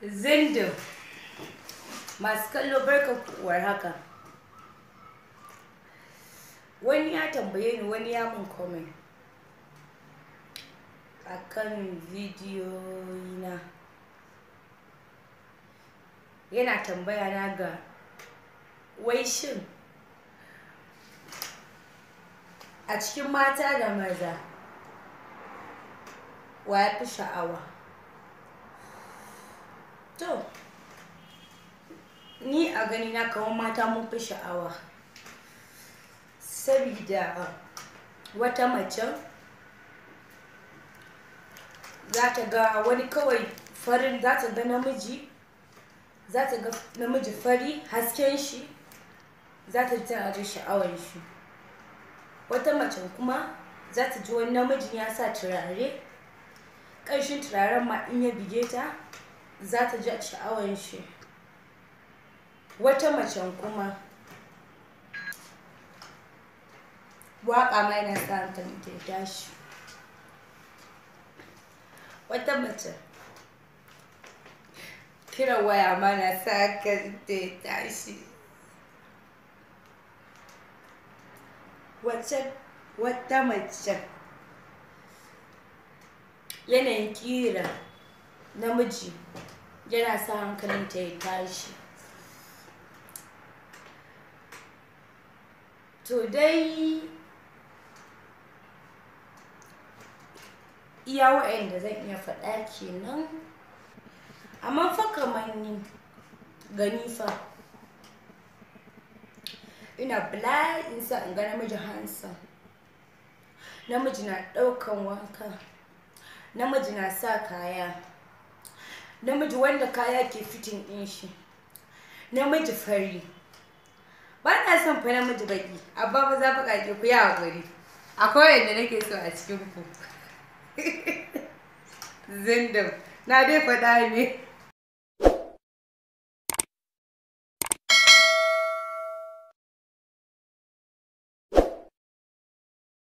zindin masu kallo barka kuwar haka wani ya tambaye ni wani ya mun komen a kan na yana tambaya na ga wai shi a cikin mata da maza wa ya fi sha'awa To, ni a gani na kawo mata mun fi sha'awa. Sabida wata macen za ta ga wani kawai farin za ta ga namiji za ta ga namiji fari hasken shi za ta ji sha'awar shi wata macen kuma za ta ji wani namijin ya sa turare ƙarshen turaren ma in ya bige ta za ta ji sha'awar shi wata macen kuma waƙa ma yana sa ta ta tashi wata mace kiran waya ma na sa ka ta tashi wata mace yanayin kira namiji yana sa ta ya tashi to dai iya wa'anda zan iya faɗa kenan amma fa kamar ni gani fa ina bala'in sa in ga namiji hansa namiji na ɗaukan wanka namiji na sa kaya namiji wanda kaya ke fitin din shi namiji fari ba na son fa namiji baki abba ba za fa kake ku ya gari akwai wanda nake so a cikin ku zindam na dai faɗa ne